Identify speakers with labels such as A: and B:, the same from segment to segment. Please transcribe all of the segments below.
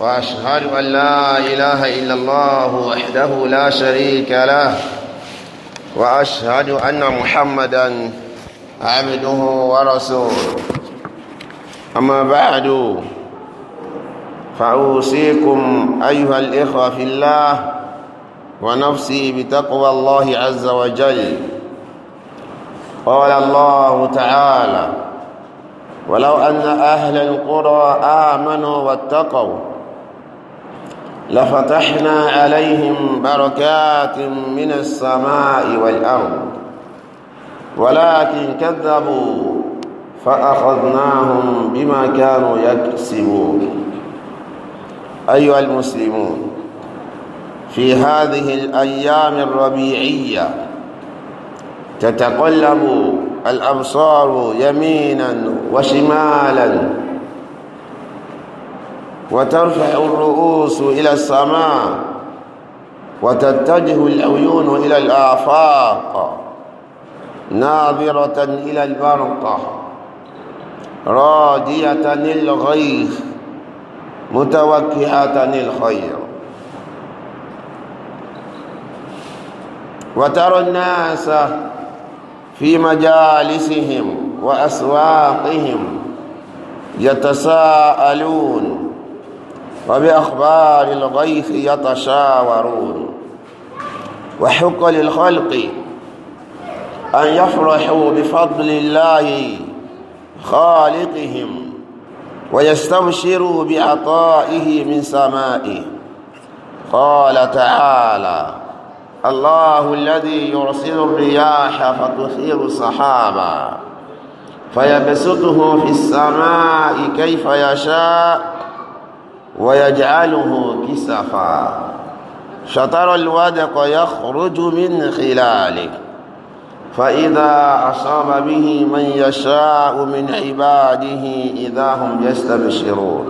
A: واشهد ان لا اله الا الله وحده لا شريك له واشهد ان محمدا عبده ورسوله اما بعد فاوصيكم ايها الاخوه في الله ونفسي بتقوى الله عز وجل قال الله تعالى ولو ان اهل القرى امنوا واتقوا لفتحنا عليهم بركات من السماء والأرض ولكن كذبوا فأخذناهم بما كانوا يكسبون أيها المسلمون في هذه الأيام الربيعية تتقلب الأبصار يمينا وشمالا وترفع الرؤوس إلى السماء وتتجه العيون إلى الآفاق ناظرة إلى البرقة رادية الغيث متوكئة الخير وترى الناس في مجالسهم وأسواقهم يتساءلون وبأخبار الغيث يتشاورون وحق للخلق أن يفرحوا بفضل الله خالقهم ويستبشروا بعطائه من سمائه قال تعالى الله الذي يرسل الرياح فتثير صحابا فيبسطه في السماء كيف يشاء ويجعله كسفا شطر الودق يخرج من خلاله فإذا أصاب به من يشاء من عباده إذا هم يستبشرون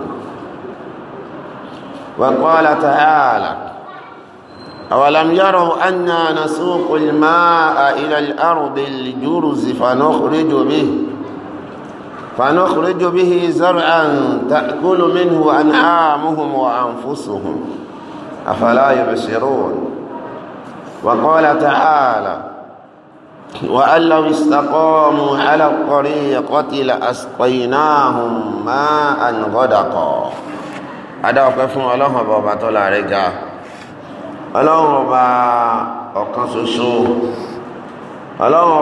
A: وقال تعالى أولم يروا أنا نسوق الماء إلى الأرض الجرز فنخرج به فنخرج به زرعا تأكل منه أنعامهم وأنفسهم أفلا يبصرون وقال تعالى وأن لو استقاموا على الطريقة لأسقيناهم ماء غدقا ada ọpẹ́ fún Ọlọ́run ọba ọba tó láàrẹ ga Ọlọ́run ọba ọ̀kan ṣoṣo Ọlọ́run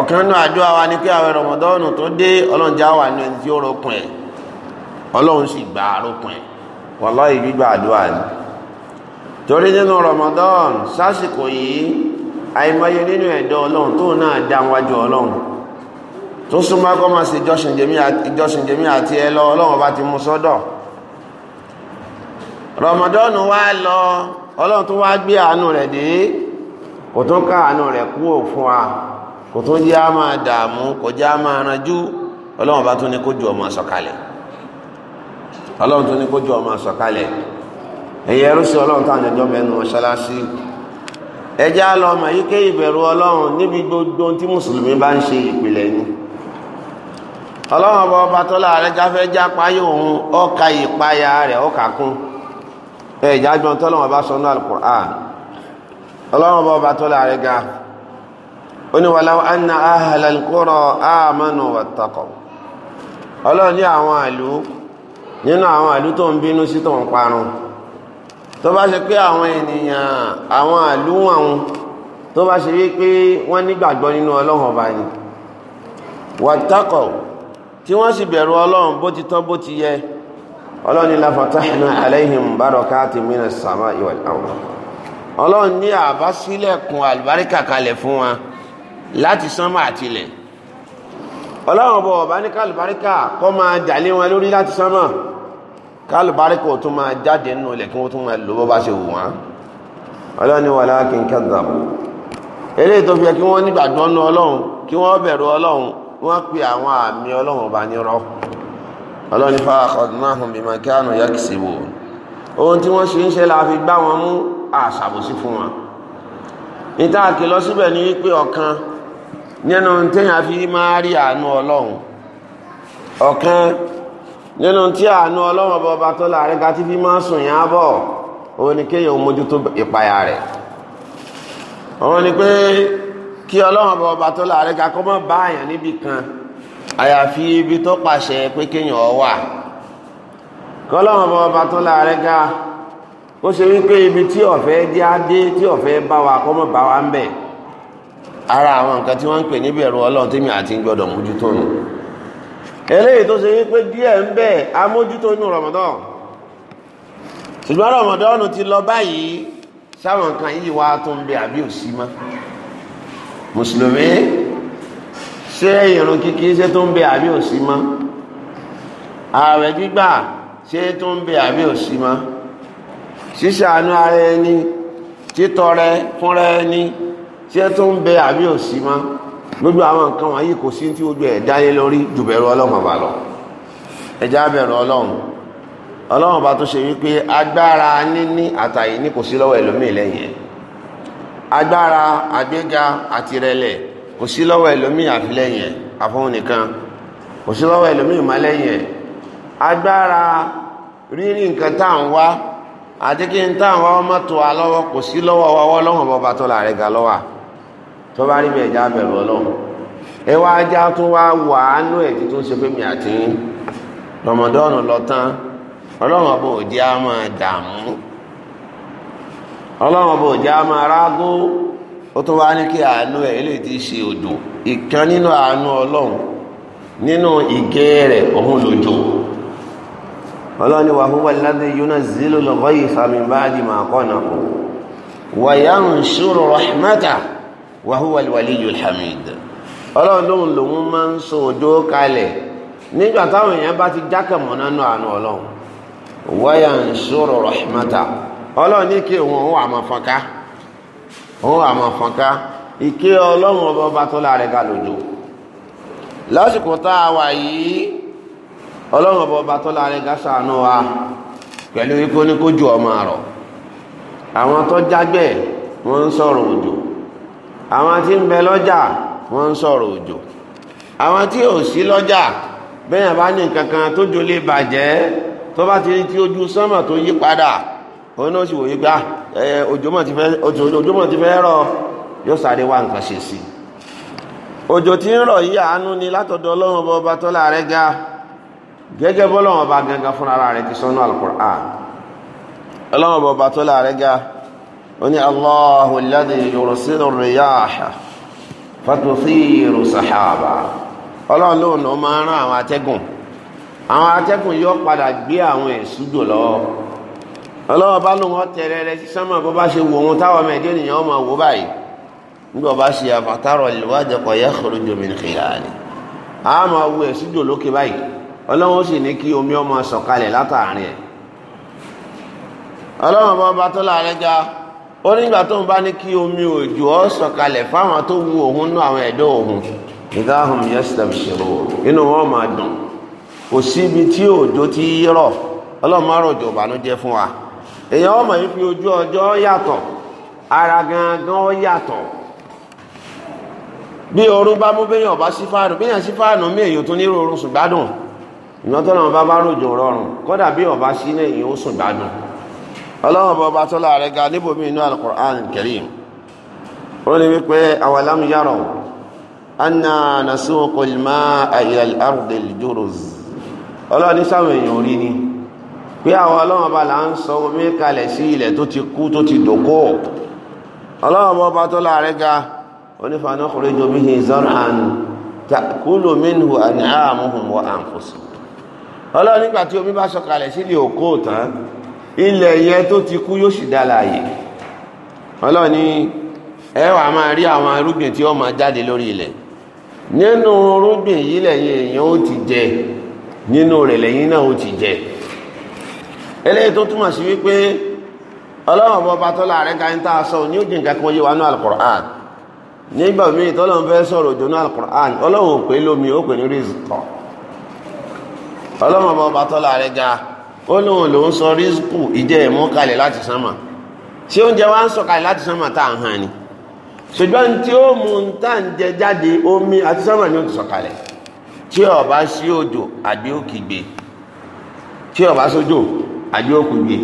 A: ọ̀kan nínú àdúrà wa ni pé àwọn rọmọdọ́ọ̀nù tó dé ọlọ́run já wà nínú ẹni tí ó rọkùn ẹ̀ ọlọ́run sì gba àrókùn ẹ̀ wàláhì gbígbà àdúrà ni torí nínú rọmọdọ́ọ̀nù sásìkò yìí àìmọye nínú ẹ̀dọ́ ọlọ́run tó náà dá wájú ọlọ́run tó súnmọ́ kọ́ máa ṣe ìjọsìn jẹ́mí àti ẹ lọ ọlọ́run bá ti mú sọ́dọ̀ rọmọdọ́ọ̀nù wá lọ ọlọ́run tó wá gbé àánú rẹ̀ dé kò tó ká àánú rẹ̀ kúrò fún wa kò tó jẹ́ a máa dààmú kọjá máa ranjú ọlọ́run bá tún ní ju ọmọ sọ̀kalẹ̀ ọlọ́run tún ní kó ọmọ sọ̀kalẹ̀ ẹ̀yẹ ẹrú ọlọ́run táwọn ẹjọ́ mẹ́nu mọ́ṣáláṣí ẹjẹ́ ìbẹ̀rù ọlọ́run níbi gbogbo tí mùsùlùmí bá ń ṣe ìpìlẹ̀ ni ọlọ́run ọba ọba tó láàrẹ jáfẹ́ jápáyé ọkà ìpayà rẹ̀ ọkà kún ẹ̀já gbọ́n tọ́lọ́run ọba ọlọ́run ọba ọba ó ní wàláwọ́ anna ahlal qura amanu wattaqaw ọlọ́run ní àwọn àlú nínú àwọn àlú tó ń bínú sí tó ń parun tó bá ṣe pé àwọn ènìyàn àwọn àlú wọn tó bá ṣe wípé wọ́n nígbàgbọ́ nínú ọlọ́run ọba ni wattaqaw láti sánmà àtilẹ̀ ọlọ́run bọ̀ ọ̀bá ní kálùbáríkà kọ́ máa jàlé wọn lórí láti sánmà kálùbáríkà ò tún máa jáde nínú ilẹ̀ kí wọ́n tún máa lò bọ́ bá ṣe wù wọ́n ọlọ́ni wà láàkín kẹ́dàbù eléyìí tó fi kí wọ́n nígbàgbọ́ nú ọlọ́run kí wọ́n bẹ̀rù ọlọ́run wọ́n pe àwọn àmì ọlọ́run bá nírọ́ ọlọ́ni fa ọ̀dùnáhùn bímọ kí àánú yá kìí síbò ohun tí wọ́n ṣe ń ṣe la fi gbá wọn mú àṣàbòsí fún wọn níta kìlọ síbẹ̀ ní wípé ọ̀kan nínú a fi máa rí àánú ọlọ́run ọ̀kan nínú tí àánú ọlọ́run ọba tó láàrin fi máa sùn yá bọ̀ òun ni kéèyàn ò mójútó ìpayà rẹ̀ òun ni pé kí ọlọ́run ọba tó láàrin ká mọ́ kan àyàfi ibi tó pàṣẹ pé kéèyàn ọ wà ọba tó láàrin ibi tí ọ̀fẹ́ á dé tí ọ̀fẹ́ bá wa ara àwọn nǹkan tí wọ́n ń pè níbi ẹ̀rù ọlọ́run tí mi àti ń gbọ́dọ̀ mójútó nù eléyìí tó ṣe wípé díẹ̀ ń bẹ amójútó inú Ramadan ṣùgbọ́n Ramadan ti lọ báyìí sáwọn nǹkan yìí wá tó ń bẹ àbí òsì mọ́ mùsùlùmí ṣé ìrun kíkí ṣé tó ń bẹ àbí òsì mọ́ ààrẹ gbígbà ṣé tó ń bẹ àbí òsì mọ́ ṣíṣàánú ara ẹni títọrẹ fúnra ẹni tí ẹ tó ń bẹ àbí òsì má gbogbo àwọn nǹkan wọ̀nyí kò sí tí ojú ẹ̀ dáyé lórí jù bẹ̀rù ọlọ́run bá lọ ẹja bẹ̀rù ọlọ́run ọlọ́run bá tó ṣe wípé agbára níní àtàyè ní kò sí lọ́wọ́ ẹlòmíì lẹ́yìn ẹ̀ agbára àgbéga àtirẹlẹ̀ kò sí lọ́wọ́ ẹlòmíì àfilẹ́yìn ẹ̀ àfọ̀hún nìkan kò sí lọ́wọ́ ẹlòmíì má lẹ́yìn ẹ̀ agbára rírí nǹkan tá à ń wá àti kí n tá à ń wá ọmọ tó wa lọ́wọ́ kò sí lọ́wọ́ wa wọ́ lọ́wọ́ bọ́ba tó la rẹ̀ ga lọ́wọ́ tó bá rí mi bẹ̀rù ọlọ́run ẹ wá ajá tó wá wà á nú ẹ̀jú tó ń ṣe àti lọ ọlọ́run ọba òjì á máa dààmú ọlọ́run ọba òjì á máa rágó ó tún wá ní kí àánú ẹ̀ ti ṣe odò. ìkan nínú àánú ọlọ́run nínú rẹ̀ òun lòjò ọlọ́run yìí wa huwa al-waliyyul hamid ọlọ́run lóhun lòun máa ń so òjò kalẹ̀ nígbà táwọn èèyàn bá ti jákàmọ́ nánú àánú ọlọ́run wa yanshuru rahmata ọlọ́run ní kí òun òun àmọ̀ fọ́nká òun àmọ̀ fọ́nká ìké ọlọ́run ọba ọba tó láàrẹ ga lòjò lásìkò tá a wà yìí ọlọ́run ọba ọba tó láàrẹ ga ṣàánú wa pẹ̀lú wípé oníkójú ọmọ àrọ̀ àwọn tó jágbẹ̀ wọ́n ń sọ̀rọ̀ òjò àwọn tí ń bẹ lọ́jà wọ́n ń sọ̀rọ̀ òjò àwọn tí ò sí lọ́jà bẹ́yàn bá ní nǹkan kan tó jò lè bàjẹ́ tó bá ti rí tí ojú sánmà tó yí padà òun náà sì wòye gbá ojúmọ̀ ah, ti fẹ́ rọ yóò sáré wá nǹkan ṣe sí òjò tí ń rọ̀ yí àánú ni látọ̀dọ̀ ọlọ́run ọba ọba tọ́lá rẹ̀ ga gẹ́gẹ́ bọ́lọ́run ọba gangan fúnra rẹ̀ ti sọ́nú al ọlọ́run ọba ọba tọ́lá rẹ̀ ga وني الله الذي يرسل الرياح فتثير سحابا ọlọ́run lóun ló máa ń rán àwọn atẹ́gùn àwọn atẹ́gùn yóò padà gbé àwọn ẹ̀sùjò lọ ọlọ́run bá lóun ọ̀tẹ̀rẹ̀ rẹ sí sánmà bó bá ṣe wò wọn táwọn ọmọ ẹ̀dẹ́ ènìyàn ọmọ wò báyìí nígbà bá ṣe àfàtàrọ̀ ìwádìí kọ̀ kọ̀rọ̀ jòmìn kìláàlì ó nígbà tó ń bá ní omi òjò ọ sọ̀kalẹ̀ fáwọn tó wu òun nú àwọn ẹ̀dọ́ òun ìdáhùn yẹsẹm si inú wọn máa dùn kò síbi tí òjò ti rọ̀ ọlọ́run máa rọ̀jò ìbànújẹ́ fún wa èèyàn ọmọ yìí fi ojú ọjọ́ yàtọ̀ ara gangan ó bí oru bá mú béèyàn ọba sí fáànù béèyàn sí fáànù mí mi tó ní oorun sùn gbádùn bá bá rọrùn kódà bí ọba sí náà ó sùn gbádùn ọlọ́run bọba tó láàrẹ ga níbòmí inú al-Qur'an al-Karim ó ní wípé awalam yaraw anna nasuqu al-ma'a ila al-ardi al-juruz ọlọ́run ní sáwọn èèyàn orí ni pé àwọn ọlọ́run bá là ń sọ omi kalẹ̀ sí ilẹ̀ tó ti kú òkú tán ilẹ̀ yẹn tó ti kú yóò sì dálàyè ọlọ́run ní ma máa rí àwọn arúgbìn tí ó máa jáde lórí ilẹ̀ nínú rúgbìn yìí lẹ́yìn èèyàn ó ti jẹ nínú rẹ̀ lẹ́yìn náà ó ti jẹ eléyìí tó túmọ̀ sí wípé Ọlọ́wọ̀n bọba ní òjì nǹkan kan yé wa ní alukur'an nígbà míì fẹ́ sọ̀rọ̀ ní alukur'an ò lómi ó pè ní ó lóun lòun sọ rísíkù ìjẹ́ ẹ̀mú kalẹ̀ láti sánmà ṣé oúnjẹ wa ń sọ̀kalẹ̀ láti sánmà tá hàn ni ṣùgbọ́n tí ó mú jáde omi àti sánmà ni ó ti sọ̀kalẹ̀ tí ọba sí òjò àbí òkìgbè tí sójò àbí òkìgbè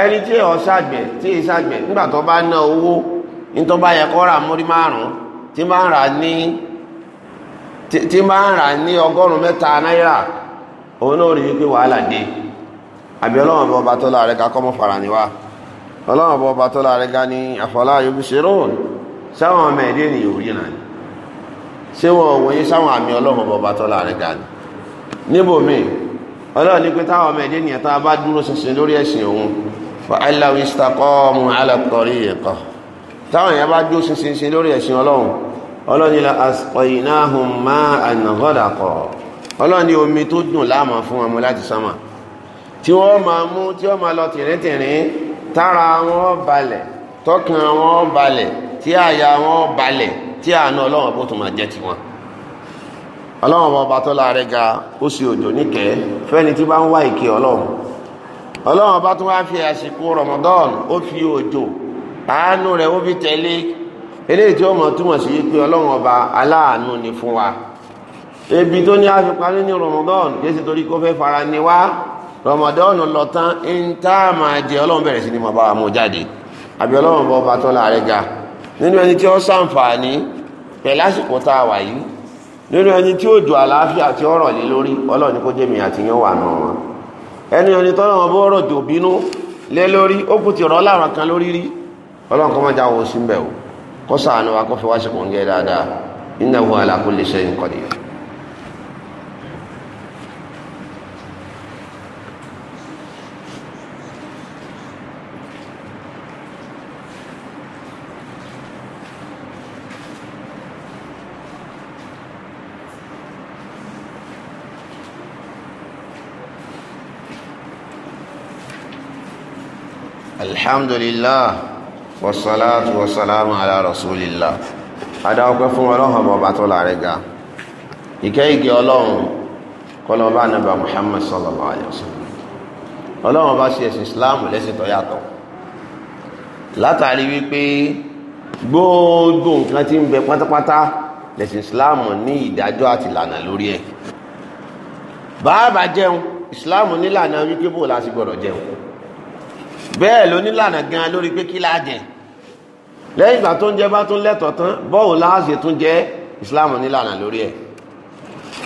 A: ẹni tí ó ṣàgbẹ̀ tí ó ṣàgbẹ̀ nígbà tó bá ná owó ní tó bá yẹ kó ra múrí márùn-ún tí máa ń rà ní ọgọ́rùn mẹ́ta náírà òun náà àbí ọlọ́wọ́n bọ́ ọba tó láàrẹ ká kọ́mọ́ fara níwá ọlọ́wọ́n bọ́ ọba tó láàrẹ ká ní àfọlá yóò ṣe róòlù sáwọn ọmọ ẹ̀dẹ́ ènìyàn ò rí náà ṣé wọn wòye sáwọn àmì ọlọ́wọ́n bọ́ ọba tó láàrẹ ká ní. níbo mi ọlọ́wọ́n ní pé táwọn ọmọ ẹ̀dẹ́ ènìyàn tá bá dúró ṣinṣin lórí ẹ̀sìn òun fa aláwọ̀ istakọ́ọ̀mù ẹ̀kọ́ tí wọ́n máa mú tí wọ́n máa lọ tìrìntìrìn tára wọn balẹ̀ tọkàn wọn balẹ̀ tí àyà wọn balẹ̀ tí àánú ọlọ́run bó tún máa jẹ́ tiwọn ọlọ́run ọba tó láre ga ó sì òjò níkẹ́ fẹ́ni tí bá ń wá ìkẹ́ ọlọ́run ọlọ́run ọba tó wá fi àsìkò Ramadan ó fi òjò àánú rẹ̀ ó fi tẹ̀lé eléyìí tí ó mọ̀ túmọ̀ sí pé ọlọ́run ọba aláàánú ni fún wa ebi tó ní àfipá ní Ramadan kí ó sì torí kó fẹ́ fara ni wá rọmọdọ́nù lọ tán ń tá a máa jẹ ọlọ́run bẹ̀rẹ̀ sí ni mo bá wa mú jáde àbí ọlọ́run bọ́ bá tọ́lá rẹ̀ ga nínú ẹni tí ó sàǹfààní pẹ̀lú àsìkò tá a wà yìí nínú ẹni tí ó jù àlàáfíà tí ó rọ̀ lé lórí ọlọ́run ni kó jẹ́mi àti yẹn wà nù wọn ẹni ẹni tọ́lá wọn bó rọ̀ jò bínú lé lórí ó kù ti rọ́ láwọn kan lórí rí ọlọ́run kọ́ mọ́jà wo sí mbẹ́ o kó sàánú wa kó fi wá ṣe kò ń gẹ́ dáadáa innahu ala kulli shay'in qadir alhamdulillah wasalaatu wasalaamu ala rasulillah adáwọ́pẹ́ fún ọlọ́run bọ̀bá tó láàrẹ ga ìkẹ́ igi ọlọ́run kọlọ́bá nàbà muhammad sallallahu alayhi wa sallam ọlọ́run bá ṣe ẹ̀sìn islam lẹ́sìn tó yàtọ̀ látàrí wípé gbogbo nǹkan ti ń bẹ pátápátá lẹ́sìn islam ní ìdájọ́ àti ìlànà lórí ẹ̀ bàbá jẹun islam nílànà wípé láti gbọ́dọ̀ jẹun bẹ́ẹ̀ ló nílànà gan lórí pé kí la ìgbà tó ń jẹ bá tún lẹ́tọ̀ọ́ tán bọ́ọ̀ láàṣẹ tún jẹ ìsìláàmù nílànà lórí ẹ̀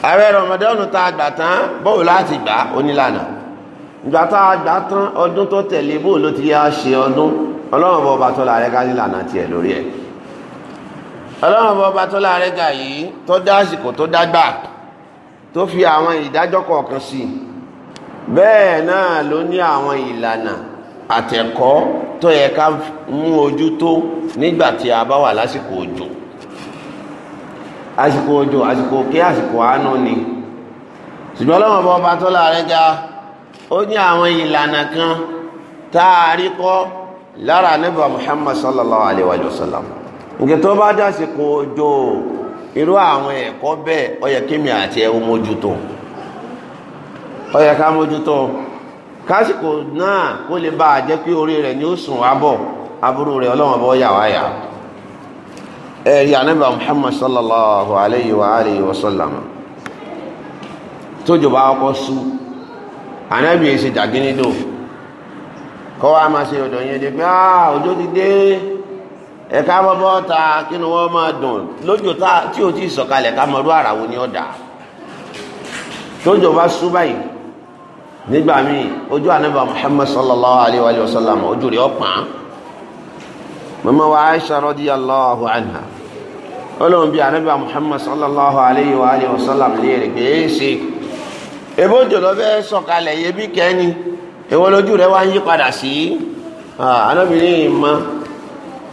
A: ààrẹ rọmọdọ́nù tá a gbà tán bọ́ọ̀ láti gbà ó nílànà ìgbà tá tán ọdún tó tẹ̀lé bóò ló ti yá ọdún ọlọ́run ọba ká nílànà tiẹ̀ lórí ẹ̀ ọlọ́run àtẹ̀kọ́ tó yẹ ká mú ojú tó nígbà a bá wà lásìkò òjò àsìkò òjò àsìkò kí ni ṣùgbọ́n lọ́wọ́ bọ́ bá tọ́lá rẹ̀ ga ó ní àwọn ìlànà kan tá kọ́ lára Muhammad sallallahu alaihi wa sallam nke tó bá dásìkò òjò irú àwọn ẹ̀kọ́ bẹ́ẹ̀ ó àti ẹ̀ mójútó kásìkò náà kó lè bá a jẹ́ pé orí rẹ̀ ni ó sùn abọ̀ aburú rẹ̀ ọlọ́wọ́n bọ́ yà wáyà ẹ̀rí anábà muhammad sallallahu alayhi wa alayhi wa sallam tójú bá ọkọ̀ sú anábì èsì jàgínnídò kọ́ wa máa ṣe ọ̀dọ̀ yẹn dé pé ah, ti dé ẹ̀ka bọ́bọ́ ta kí ni o ti sọ̀kalẹ̀ ká mọ̀rú àràwọ̀ ni ọ̀dà bá sú nígbà míì ojú ànábà muhammad sallallahu alayhi wa sallam ojú rẹ̀ ọ̀pọ̀n mọ́mọ́ wa aisha radiyallahu anha ọlọ́run bí ànábà muhammad sallallahu alayhi wa sallam léèrè pé é ṣe ebó jòlọ bẹ́ sọ̀kalẹ̀ yé bí kẹ́ni èwo lójú rẹ̀ wá ń yí padà sí anábìrin mọ́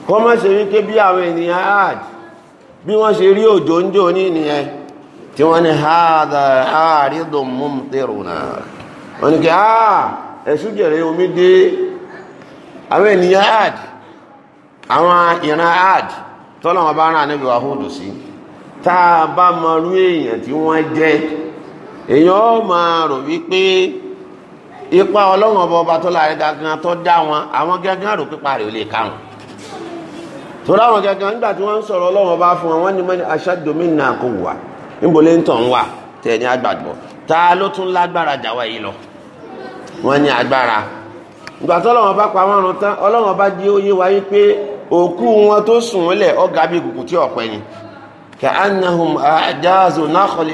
A: kọ́ mọ́ ṣe wípé bí àwọn ènìyàn hajj bí wọ́n ṣe rí òjò ń jò ní nìyẹn tí wọ́n ní hádà àrídùn mumtiruna wọ́n ní kí á ah, ẹ̀sùn jẹ̀rẹ̀ omi dé àwọn ènìyàn ad àwọn ìran ad bá rán sí a bá mọrú èèyàn tí wọ́n jẹ́ èèyàn ó máa rò wípé ipa ọlọ́run ọba ọba tó láàrin gangan tó dá wọn àwọn gangan rò pípa rẹ̀ ò lè káwọn tó láwọn gangan nígbà tí wọ́n ń sọ̀rọ̀ fún wọn wọ́n mọ́ni níbo lè ń wà tẹ̀ ní wọ́n ní agbára ìgbà tọ́lọ́wọ́n bá pa márùn tán ọlọ́wọ́n bá di óyé wáyé pé òkú wọn tó sùn lẹ̀ ọ̀gá bí kùkù tí ọ̀pẹ ni kà á nahum àjáàzò náàkọlì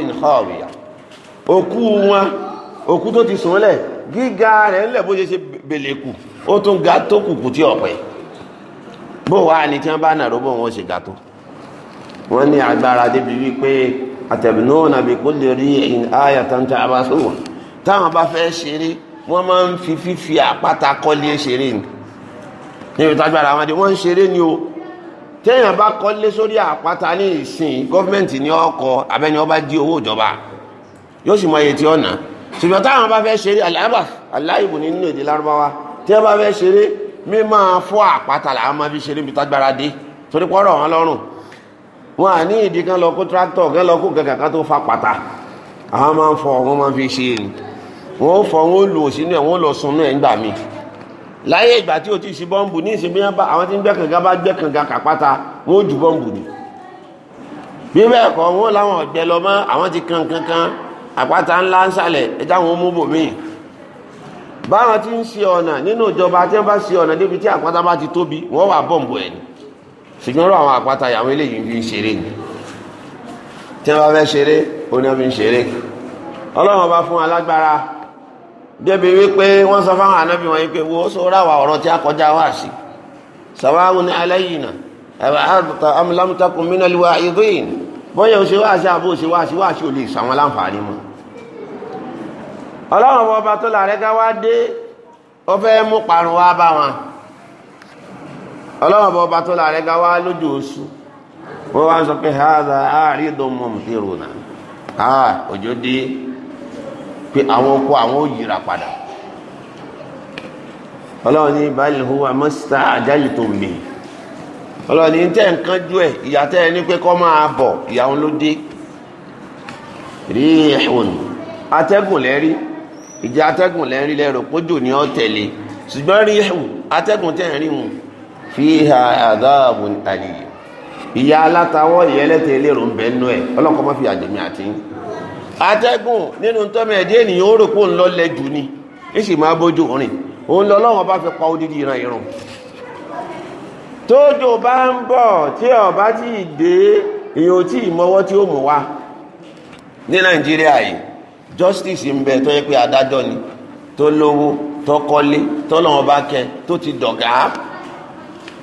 A: òkú wọn òkú tó ti sùn lẹ̀ gíga rẹ̀ ńlẹ̀ bó ṣe ṣe bèlè kù ó tún ga tó kùkù tí ọ̀pẹ bó wàá ni tí wọ́n bá nàró bó wọn ṣe ga tó wọ́n ní agbára débi wípé àtẹ̀bínú nàbí kó lè rí ẹ̀yìn áyà tó bá fẹ́ ṣeré wọ́n máa ń fi fífi àpáta kọ́lé ṣeré ni níbi tágbára wọn dé wọ́n ń ṣeré ni o téèyàn bá kọ́lé sórí àpáta ní ìsìn gọ́fìmẹ̀ntì ní ọkọ̀ abẹ́ni ọba jí owó ìjọba yóò sì mọ iye tí ó nà ṣùgbọ́n táwọn bá fẹ́ ṣeré aláàbà aláìbù nínú èdè lárúbáwá tí wọ́n bá fẹ́ ṣeré mímọ́ fọ́ àpáta làwọn máa fi ṣeré níbi tágbára dé torí pọ́rọ̀ wọn lọ́rùn wọn à ní ìdí kan lọ kó tractor kan lọ kó kankan tó fa pàtà àwọn máa ń fọ wọn máa fi ṣe é ni wọn ó fọ wọn ó lu òsínú ẹ wọn ó lọ sunú ẹ ńgbà mi láyé ìgbà tí o ti ṣe bọ́ǹbù ní ìsinmi yẹn bá àwọn tí ń gbẹ́ kànga bá gbẹ́ kànga kàpáta wọn ó ju bọ́ǹbù ni bí bẹ́ẹ̀ kọ́ wọn làwọn ọ̀gbẹ́ lọ mọ́ àwọn ti kan kankan àpáta ńlá ń sàlẹ̀ ẹ táwọn mú bò míì báwọn ti ń ṣe ọ̀nà nínú ìjọba tí wọ́n bá ṣe ọ̀nà débi tí àpáta bá ti tóbi wọ́n wà bọ́ǹbù ẹ̀ ni ṣùgbọ́n àwọn àpáta ìyàwó eléyìí fi ń ṣeré ni tí wọ́n bá débi wípé wọ́n sọ fáwọn ànábì wọn wípé wo sọ ráwà ọ̀rọ̀ tí a kọjá wá sí sàwáwù ní aláyìnà ẹ̀bà àbùtà amúlámútakùn mínàlúwà ìdíyìn bóyá òṣè wá sí àbó òṣè wá sí wá sí wa sàwọn láǹfààní mọ́ ọlọ́run ọba tó làrẹ́ ká wá dé ó fẹ́ mú parun wá bá wọn ọlọ́run ọba tó làrẹ́ ká wá lójú oṣù wọ́n wá sọ pé àárí pé àwọn oko àwọn ò yíra padà ọlọ́run ní báyìí huwa mọ́sítà àjálì tó lè ọlọ́run ní tẹ́ nǹkan jú ẹ̀ ìyá tẹ́ ẹ ní pé kọ́ máa bọ̀ ìyàwó ló dé rí ẹ̀hùn atẹ́gùn lẹ́rí ìjẹ́ atẹ́gùn lẹ́rí lẹ́rọ pójò ní ọ̀tẹ̀lé ṣùgbọ́n rí ẹ̀hùn atẹ́gùn tẹ́ rí wọn fi ha àdáàbùn àlè ìyá alátawọ́ ìyẹlẹ́tẹ̀ ń bẹ́ẹ̀ nú ẹ̀ ọlọ́kọ́ mọ́ fi àjẹmí àtìyìn atẹ́gùn nínú tọ́mọ ẹ̀dẹ́ ènìyàn ó rò pé ni ń ma máa bójú rìn òun lọ lọ́wọ́n bá fi pa odidi ìran ìrùn tójò bá ń bọ̀ tí ọba tí dé èyàn tí tí ó mú wá ní nàìjíríà yìí justice ń bẹ tó yẹ pé adájọ́ ni tó lówó tó kọ́lé tó ti dọ̀gá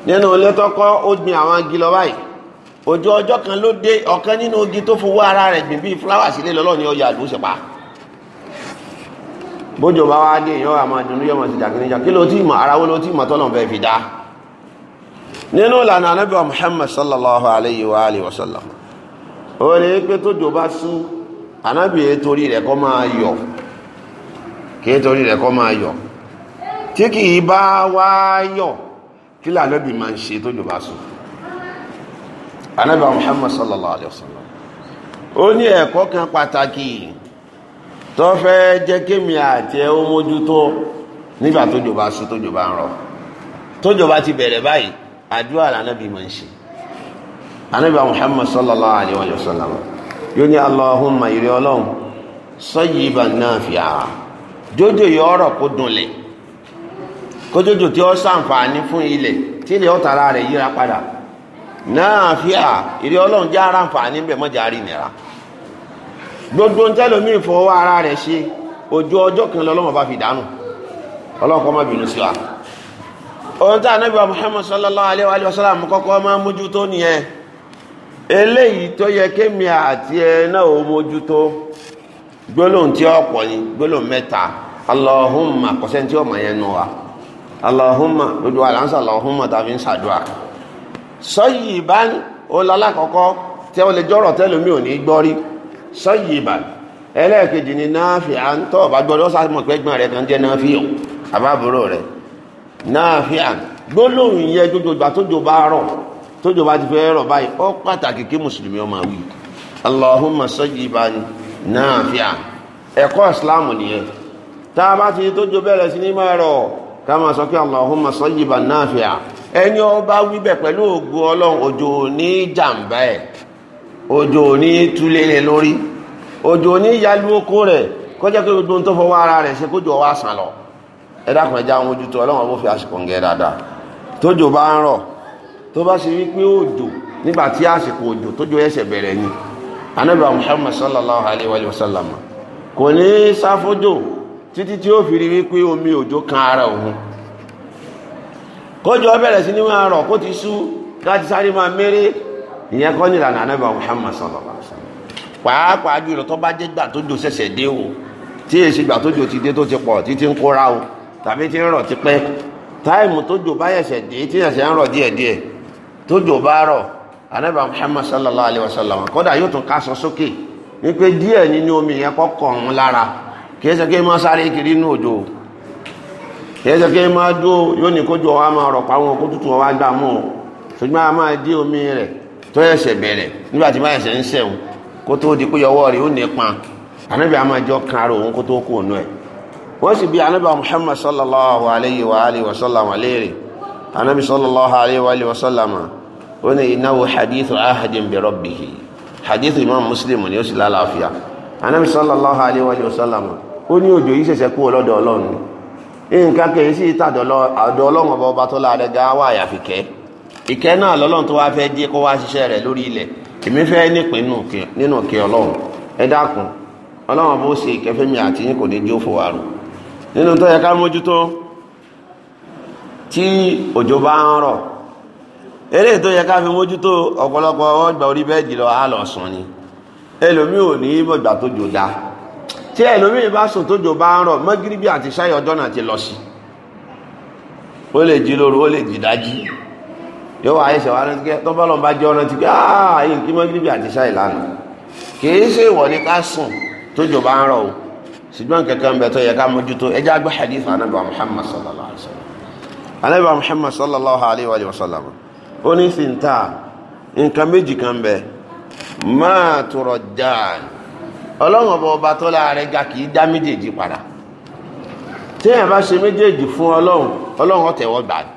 A: nínú ilé tọ́kọ́ ó gbin àwọn agi báyìí òjò ọjọ́ kan ló dé ọ̀kan nínú igi tó fowó ara rẹ̀ gbìn bíi fúláwà sílé lọ́lọ́ ni ọyà àdúgbò ṣẹ̀pá bójú bá wá dé èèyàn àmọ́ ìdùnnú yọmọ ti dàgbé níjà kí ló tí mọ̀ ara wo ló tí mọ̀ tọ́lọ̀ fẹ́ fi dá nínú ìlànà anábìá Muhammad sallallahu alayhi wa alayhi wa sallam ó lè pé tójò bá sú anábìá torí rẹ̀ kọ́ máa yọ̀ kí torí rẹ̀ kọ́ máa yọ̀ tí kì í bá wá yọ̀ kí lànà bí máa ń ṣe tójò bá sú anábà muhammad sallallahu alayhi wa sallam ó ní ẹ̀kọ́ kan pàtàkì tó fẹ́ jẹ́ kémi àti ẹ̀ ó mójútó nígbà tójò bá ṣú tójò bá ń rọ̀ tójò bá ti bẹ̀rẹ̀ báyìí àdúrà lànàbì máa ń ṣe anábà muhammad sallallahu alayhi wa sallam yóò ní allahumma ìrẹ́ ọlọ́run sayyiban nafi'a jójò yọ ọ̀rọ̀ kó dunlẹ̀ kójójò tí ó ṣàǹfààní fún ilẹ̀ tí ilẹ̀ ọ̀tara rẹ̀ yíra padà náà fi à ìrí ọlọ́run já ara nfààní bẹ̀ mọ́jà rí gbogbo ntẹ́lómi ìfọwọ́ ara rẹ̀ ṣe ojú ọjọ́ kan lọ́lọ́run bá fi dànù ọlọ́run kọ́ sí wa ohun tí ànábì wa Muhammad sallallahu alayhi wa sallam kọ́kọ́ máa mójútó nìyẹn eléyìí tó yẹ kémi àti ẹ náà ó mójútó gbólóhùn tí ó pọ̀ ni gbólóhùn mẹ́ta yẹn nù wa sọ́yì ìbán olálàkọ́kọ́ tí ó lè jọ́rọ̀ mi ò ní gbọ́rí sọ́yì ìbán ẹlẹ́ẹ̀kejì ni ń tọ́ rẹ̀ kan jẹ́ àbábúrò rẹ̀ gbólóhùn rọ̀ ti fẹ́ rọ̀ báyìí ó pàtàkì kí mùsùlùmí ọmọ wí a ti bẹ̀rẹ̀ sí ní máa rọ̀ ká máa sọ pé Allahumma sọ́yì ìbán ẹni ọba wíbẹ̀ pẹ̀lú ògo ọlọ́run òjò ní jàǹbá ẹ̀ òjò ní túlélẹ̀ lórí òjò ní yalu oko rẹ̀ kọjá pé gbogbo tó fọwọ́ ara rẹ̀ ṣe kójò wá lọ ẹ dákun ẹja àwọn ọlọ́run fi àsìkò ń gẹ dáadáa tójò bá ń rọ̀ tó bá ṣe wípé òjò nígbà tí àsìkò òjò tójò ẹsẹ̀ bẹ̀rẹ̀ ni Ànábì Muhammad sallallahu alayhi wa sallam kò ní sáfójò títí tí ó fi rí kójú ọ bẹ̀rẹ̀ sí ní wọn rọ̀ kó ti sú káti sáré máa mẹ́rẹ́ ìyẹn kọ́ ní ìlànà anábà Muhammad sallallahu alaihi wasallam pàápàá jùlọ tó bá jẹ́ gbà tó jò ṣẹ̀ṣẹ̀ dé o tí èsì gbà tó jò ti dé tó ti pọ̀ títí ń kóra o tàbí tí ń rọ̀ ti pẹ́ táìmù tó jò bá yẹ̀ṣẹ̀ dé tí yẹ̀ṣẹ̀ ń rọ̀ díẹ̀díẹ̀ tó jò bá rọ̀ anábà Muhammad sallallahu alaihi wasallam kódà yóò tún ká sọ sókè wípé díẹ̀ nínú omi yẹn kọ́kọ́ ọ̀hún lára kì í yẹ́sẹ̀ kí máa dúó yóò ní kójú ọwá máa rọ̀ pa wọn kó tútù ọwá gbà mọ́ ọ ṣùgbọ́n a máa dí omi rẹ̀ tó ẹ̀ṣẹ̀ bẹ̀rẹ̀ nígbà tí báyẹ̀ṣẹ̀ ń ṣẹ̀wọ̀n kó tó di pé ọwọ́ rẹ̀ ó nípa ànábì a máa jọ kan ara òun kó tó kú òun ẹ̀ wọ́n sì bi ànábì Muhammad sallallahu alayhi wa alihi ó ní innahu hadithu ahadin bi rabbihi hadithu imam muslim ni ó sì lálàáfíà ànábì sallallahu alayhi wa alihi ó ní òjò yìí ṣẹ̀ṣẹ̀ kú ọlọ́dọ̀ ọlọ́run nǹkan kìí sí ìtàdọ̀ ọlọ́run ọba ọba tó láàrẹ ga wà àyàfi kẹ́ ìkẹ́ náà lọ́lọ́run tó wá fẹ́ jẹ́ kó wá ṣiṣẹ́ rẹ̀ lórí ilẹ̀ èmi fẹ́ nípìn nínú kí ọlọ́run ẹ dákun ọlọ́run bó ṣe ìkẹfẹ́mi àti yín kò ní jó fò wà rù nínú tó yẹ ká mójútó tí òjò bá ń rọ̀ eré tó yẹ ká fi mójútó ọ̀pọ̀lọpọ̀ ọgbà orí bẹ́ẹ̀dì lọ á lọ sùn ni ẹlòmíì ò ní mọ̀gbà tó jò dáa tí ẹlòmíì bá sùn tójò bá ń rọ̀ mọ́gíríbì àti ṣáì ọjọ́ náà ti lọ sí ó lè jí lóru ó lè jí dájí yóò wá ẹsẹ̀ wa rántí tó bá lọ́n bá jẹ́ rántí pé áà ah, yìí kí mọ́gíríbì àti ṣáì lánàá kìí ṣe ìwọ ní ká sùn tójò bá ń rọ̀ o ṣùgbọ́n kankan ń bẹ tó yẹ ká mójútó ẹjẹ́ àgbẹ̀ hadith anabi muhammad sallallahu alayhi wa sallam anabi muhammad sallallahu alayhi wa sallam ó ní sèǹtà nǹkan méjì kan bẹ máa tọrọ jáàn ọlọ́run ọba ọba tó láàrin ga kì í dá méjèèjì padà téèyàn bá ṣe méjèèjì fún ọlọ́run ọlọ́run ọ̀tẹ̀wọ́ gbà ní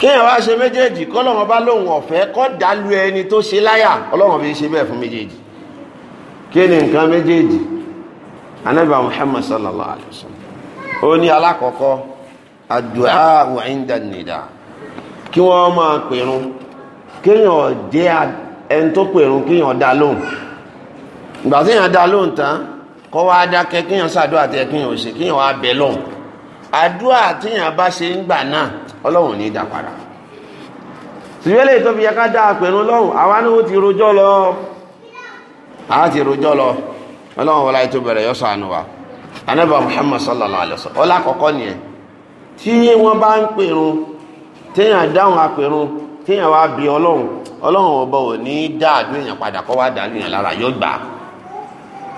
A: kéèyàn bá ṣe méjèèjì kọ́lọ́run ọba lóun ọ̀fẹ́ kọ́ dálú ẹni tó ṣe láyà ọlọ́run ọba ṣe bẹ́ẹ̀ fún méjèèjì kí ni nǹkan méjèèjì anábà Muhammad sallallahu alayhi wa sallam ó ní alákọ̀ọ́kọ́ àdúà wa inda nìdá kí wọ́n máa pèrún kéèyàn jẹ́ ẹni tó pèrún kéèyàn dá lóhùn ìgbà tí èèyàn dá lóhùn tán kọ́ wá dákẹ́ kéèyàn ṣàdúrà tẹ kéèyàn ò ṣe kéèyàn wá bẹ̀ lọ́hùn àdúrà bá ṣe ń gbà náà ní padà síbẹ̀lẹ̀ tó fi yẹ ká dá lọ́hùn àwa ni ti rojọ́ lọ a ti rojọ́ lọ bẹ̀rẹ̀ yọ wa anábà ọlá nìyẹn tí wọ́n bá ń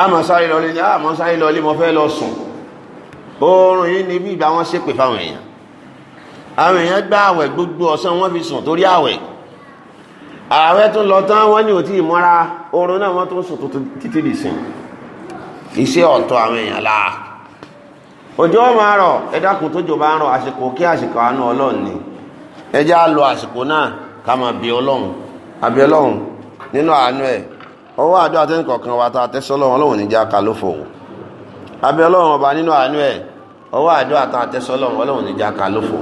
A: àmọ́ sáré lọ lé àmọ́ sáré lọ lé mo fẹ́ lọ sùn oorun yìí ni bí ìgbà wọn ṣépè fáwọn èèyàn àwọn èèyàn gba àwẹ̀ gbogbo ọ̀sán wọ́n fi sùn torí àwẹ̀ ààwẹ̀ tún lọ tán wọ́n ní òtí ìmọ́ra oorun náà wọ́n tún sùn títí dì sìn iṣẹ́ ọ̀tọ̀ àwọn èèyàn la òjò máa rọ̀ ẹ dákun tó jò bá ń rọ̀ àsìkò kí àsìkò àánú ọlọ́run ni ẹ já lo àsìkò náà ká máa bí ọlọ́run àbí ọlọ́run nínú àánú ẹ̀ ọwọ́ àjọ àtẹnìkọ̀ọ̀kan wa tá a tẹ́sọ́ lọ́wọ́ ọlọ́wọ́ níjà ká ló fò ó abẹ́ ọlọ́run ọba nínú àánú ẹ̀ ọwọ́ àjọ àtà àtẹ́sọ́ lọ́wọ́ ọlọ́wọ́ níjà ká ló fò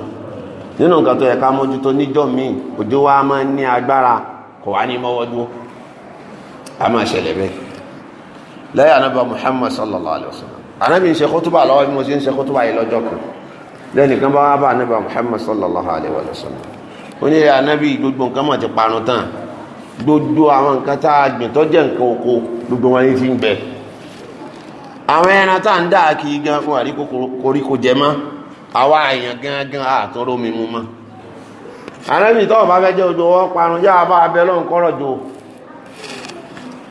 A: nínú nǹkan tó yẹ ká mójútó níjọ́ míì òjò wa máa ń ní agbára kò wá ní mọ́wọ́ a máa ṣẹlẹ̀ bẹ́ẹ̀ lẹ́yìn anábà Muhammad sallallahu alayhi wa sallam anábì ń ṣe kótóbà lọ́wọ́ bí mo ṣe ń ṣe kótóbà yìí lọ́jọ́ kan lẹ́nìkan bá wá bá anábà Muhammad sallallahu alayhi wa sallam ó ní anábì gbogbo nǹkan mọ̀ ti parun tán gbogbo àwọn nǹkan tá a gbìn tó jẹ́ nǹkan oko gbogbo wọn ní fi ń gbẹ àwọn ẹran tá à ń dà kí gan fún àrí koríko jẹ mọ́ àwa èèyàn gangan àtọ́rọ́ mi mú mọ́ anábì tó bá fẹ́ jẹ́ ojú ọwọ́ parun yá bá abẹ́ lọ́n kọ́rọ̀ jò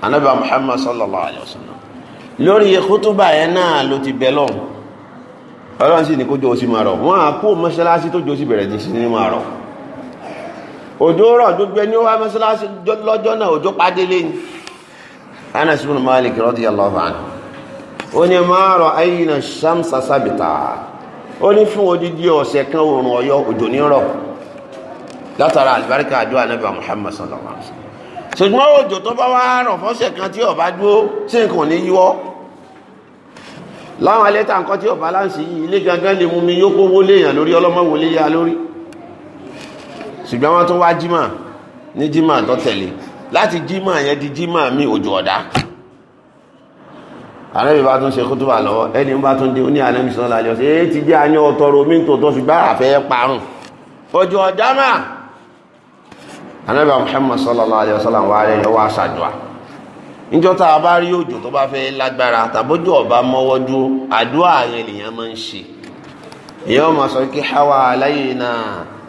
A: anábì Muhammad sallallahu alayhi wa sallam lórí kútúbà yẹn náà ló ti bẹ́ lọ́n ọlọ́run sì ní kó jọ òsì máa rọ̀ wọ́n á kó mọ́ṣáláṣí tó jọ òsì bẹ̀rẹ̀ ní sí ní máa rọ̀ òjò rọ̀ gbogbo ẹni ó wá mọ́sálásí lọ́jọ́ náà òjò pàdé lẹ́yìn Anas ibn Malik radiyallahu anhu ó ní máa rọ̀ ayína ṣámsà sábìtà ó ní fún odidi ọ̀sẹ̀ kan òòrùn ọ̀yọ́ òjò ní rọ̀ látara àlùbáríkà àjọ ànábì Muhammad sallallahu alaihi wasallam ṣùgbọ́n òjò tó bá wá rọ̀ fọ́sẹ̀ kan tí ó bá dúró tí nǹkan ní yíwọ́ láwọn alẹ́ta nǹkan tí ó láǹsì yìí ilé gangan lè mú mi yókó wọlé èèyàn lórí ọlọ́mọ wọlé ya lórí ṣùgbọ́n wọ́n tún wá jimá ní jimá tó tẹ̀lé láti jimá yẹn di jimá mi òjò ọ̀dá àrẹ́bí bá tún ṣe kútúbà lọ́wọ́ ẹni bá tún dé ní àrẹ́bí sọ́lá àjọ ṣe é ti jẹ́ àyàn ọ̀tọ̀rọ omi tó tó ṣùgbọ́n àfẹ́ parun òjò ọ̀dá mà àrẹ́bí Muhammad sallallahu alaihi wasallam wà rẹ̀ lọ́wọ́ àṣàdùà níjọ́ tá a bá rí òjò tó bá fẹ́ lágbára tàbójú ọ̀bá mọ́wọ́ dúró àdúrà yẹn máa ń ṣe èèyàn máa sọ hawa aláyè náà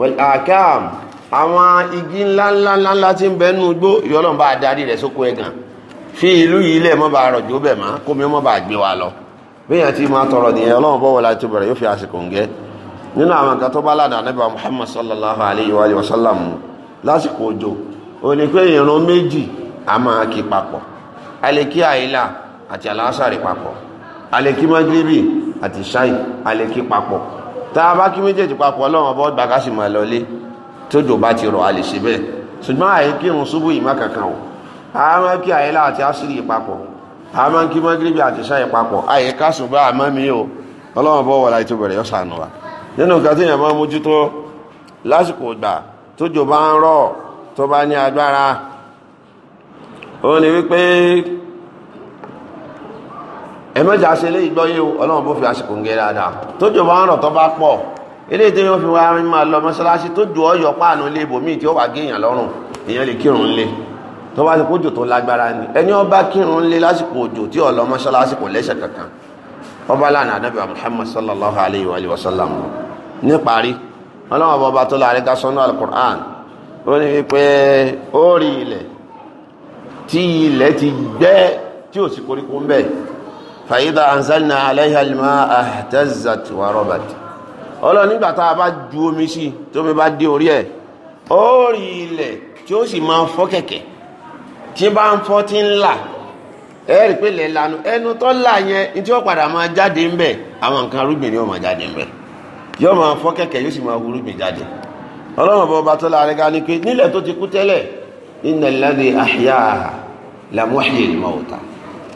A: wal akam àwọn igi ńláńláńlá tí ń bẹ nínú igbó ìyọ́lọ́n bá darí rẹ̀ sóko ẹ̀gàn fi ìlú yìí lẹ̀ mọ́ bá rọ̀jò bẹ̀ mọ́ kó mi mọ́ bá gbé wa lọ bẹ́yàn tí máa tọrọ nìyẹn ọlọ́run bọ́wọ́ láti bẹ̀rẹ̀ yóò fi àsìkò ń gẹ́ nínú àwọn nǹkan tó bá lànà nípa Muhammad sallallahu alayhi wa sallam lásìkò òjò ò ní pé ìrun méjì a máa kí papọ̀ alẹ́kí àìlà àti àlásàrì papọ̀ alẹ́kí magribi àti ṣáì alẹ́kí papọ̀ tá a bá kí méjèèjì papọ̀ ọlọ́run ọba ọgbà ká sì máa lọlé tójò bá ti rọ̀ a lè ṣe bẹ́ẹ̀ ṣùgbọ́n àyè kírun ṣubú yìí má kankan o a máa kí àyílá àti àṣírí ìpapọ̀ a máa kí mọ́gíríbì àti ṣáà ìpapọ̀ àyè kásùn bá àmọ́ mi o ọlọ́run ọba wọlá ètò bẹ̀rẹ̀ ọ̀sán wa nínú nǹkan tí èèyàn mójútó lásìkò ìgbà tójò bá ń rọ̀ tó bá ní agbára ó ní wípé ẹ̀mẹ́jà ṣe lé ìgbọ́yé o ọlọ́run bó fi àsìkò ń gẹ dáadáa tójò bá ń rọ̀ tó bá pọ̀ eléyìí tó yọ fi wá máa lọ mọ́ṣáláṣí tójò ọyọ páànù ilé ibòmíì tí ó wà gé èèyàn lọ́rùn èèyàn lè kírun ńlé tó bá ti kójò tó lágbára ni ẹni ó bá kírun ńlé lásìkò òjò tí ó lọ mọ́ṣáláṣí kò lẹ́sẹ̀ kankan ọba lánàá Ànábì Muhammad sallallahu alayhi wa alihi wa sallam fàyídà anzalna aláìhà lima ahtazat wa ọlọ́ a bá ju omi sí bá dé orí ẹ̀ ó rí ilẹ̀ tí ó sì máa fọ́ kẹ̀kẹ́ tí bá ń fọ́ tí ń là pé ẹnu tó là yẹn ní tí ó padà máa jáde ń bẹ̀ àwọn nǹkan ni ó máa jáde ń bẹ̀ yóò máa fọ́ kẹ̀kẹ́ yóò sì máa jáde ọlọ́run bá tó pé nílẹ̀ tó ti kú tẹ́lẹ̀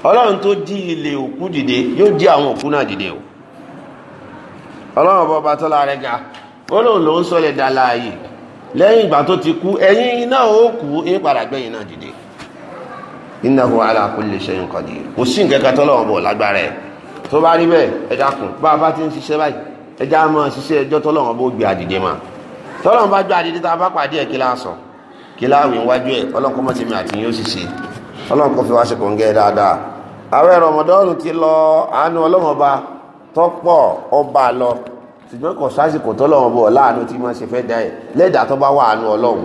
A: ọlọ́run tó dí ilé òkú dìde yóò dí àwọn òkú náà dìde o ọlọ́run ọba tó la ga ó lóun ló sọlẹ̀ dá lẹ́yìn ìgbà tó ti kú ẹ̀yin náà ó kú é padà gbẹ̀yìn náà dìde innahu ala kulli shay'in qadir kò sí nǹkan kan tọ́lọ́run bọ̀ lágbára ẹ̀ tó bá rí bẹ́ẹ̀ ẹ bá a bá ti báyìí máa ṣiṣẹ́ ẹjọ́ tọ́lọ́run bó gbé mà a àwẹ̀ rọmọdọ́ọ̀nù ti lọ àánú ọlọ́mọba tọ́pọ̀ ọba lọ ṣùgbọ́n kò sásìkò tọ́lọ́mọba ọ̀láàánú tí máa ṣe fẹ́ dá ẹ̀ lẹ́dà tó bá wà àánú ọlọ́run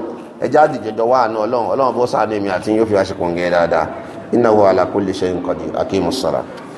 A: ẹja dìjọjọ wà àánú ọlọ́run ọlọ́run bó sàánú èmi àti yóò fi àṣekùn gẹ̀ dáadáa innahu ala kulli shay'in qadir